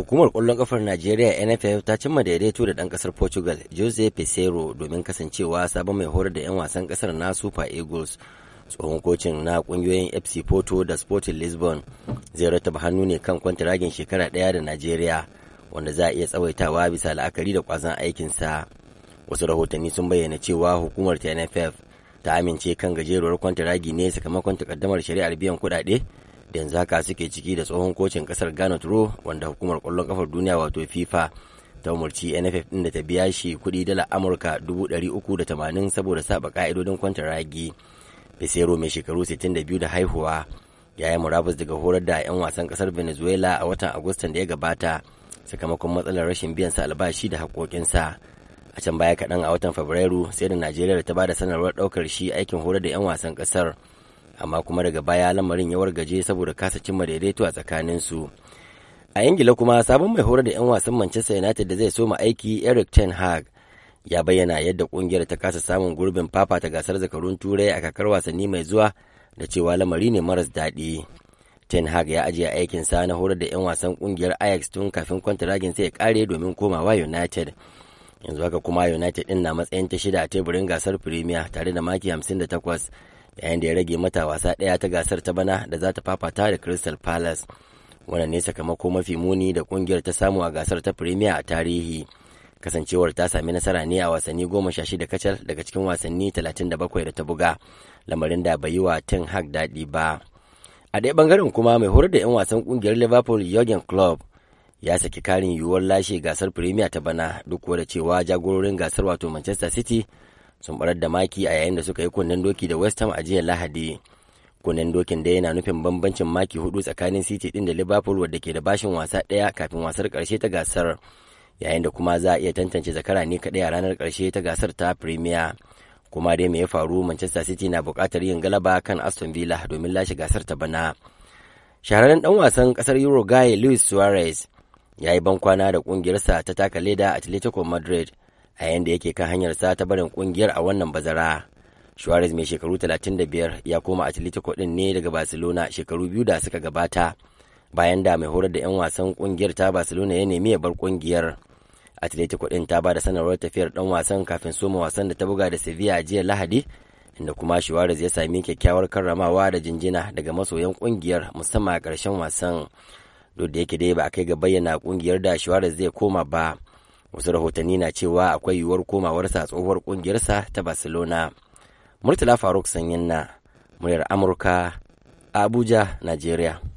Hukumar kwallon Kafar Najeriya NFF ta cimma daidaito da dan ƙasar Portugal Jose Peseiro domin kasancewa sabon mai horar da 'yan wasan ƙasar na Super Eagles. Tsohon kocin na ƙungiyoyin FC Porto da Sporting Lisbon zai rataba hannu ne kan kwantiragin shekara ɗaya da Najeriya wanda za a iya tsawaitawa bisa la'akari da ƙwazon aikinsa. Wasu rahotanni sun bayyana cewa hukumar ta NFF ta amince kan gajeruwar kwantiragi ne sakamakon takaddamar shari'ar biyan kuɗaɗe da yanzu haka suke ciki da tsohon kocin kasar ghana turo wanda hukumar kwallon kafar duniya wato fifa ta umarci nff din da ta biya shi kuɗi dala amurka 380 saboda saba ka'idodin kwanta ragi pesero mai shekaru 62 da haihuwa ya yi murabus daga horar da 'yan wasan kasar venezuela a watan agustan da ya gabata sakamakon matsalar rashin biyan sa albashi da haƙoƙinsa a can baya kaɗan a watan fabrairu sai da najeriya ta ba da sanarwar ɗaukar shi aikin horar da 'yan wasan ƙasar amma kuma daga baya lamarin ya wargaje saboda kasa cimma daidaito a tsakanin su a ingila kuma sabon mai horar da 'yan wasan manchester united da zai soma aiki eric ten hag ya bayyana yadda kungiyar ta kasa samun gurbin ta gasar zakarun turai a kakar wasanni mai zuwa da cewa lamari ne maras daɗi ten hag ya ajiye aikin sa na horar da 'yan wasan kungiyar ajax tun kafin kwantaragin sai ya kare domin komawa united yanzu haka kuma united din na matsayin ta shida a teburin gasar premier tare da maki 58 yayin da ya rage mata wasa ɗaya ta gasar ta bana da za ta fafata da crystal palace wannan ne sakamako mafi muni da kungiyar ta samu a gasar ta premier a tarihi kasancewar ta sami nasara ne a wasanni goma sha shida kacal daga cikin wasanni talatin da bakwai da ta buga lamarin da bai yi wa ten hag daɗi ba a ɗaya ɓangaren kuma mai horar da 'yan wasan kungiyar liverpool jurgen klopp ya saki karin yiwuwar lashe gasar premier ta bana duk da cewa jagororin gasar wato manchester city sun barar da maki a yayin da suka yi kunnen doki da west ham a jiya lahadi kunnen dokin da yana nufin bambancin maki hudu tsakanin city din da liverpool wadda ke da bashin wasa daya kafin wasar karshe ta gasar yayin da kuma za a iya tantance zakara ne kadai a ranar karshe ta gasar ta premier kuma dai me ya faru manchester city na bukatar yin galaba kan aston villa domin lashe gasar ta bana shahararren dan wasan kasar Euro Guy luis suarez ya yi bankwana da kungiyarsa ta taka leda atletico madrid a yanda yake kan hanyarsa ta barin kungiyar a wannan bazara Suarez mai shekaru 35 ya koma Atletico din ne daga Barcelona shekaru biyu da suka gabata bayan da mai horar da 'yan wasan kungiyar ta Barcelona ya nemi ya bar kungiyar. Atletico din ta ba da sanarwar tafiyar dan wasan kafin soma wasan da ta buga da Sevilla jiya Lahadi inda kuma Suarez ya sami kyakkyawar karramawa da jinjina daga masoyan kungiyar musamman a karshen wasan. Duk da yake dai ba a kai ga bayyana kungiyar da Suarez zai koma ba. wasu rahotanni na cewa akwai yiwuwar komawarsa tsohuwar kungiyarsa ta barcelona murtala faruk sanyin na muryar amurka abuja nigeria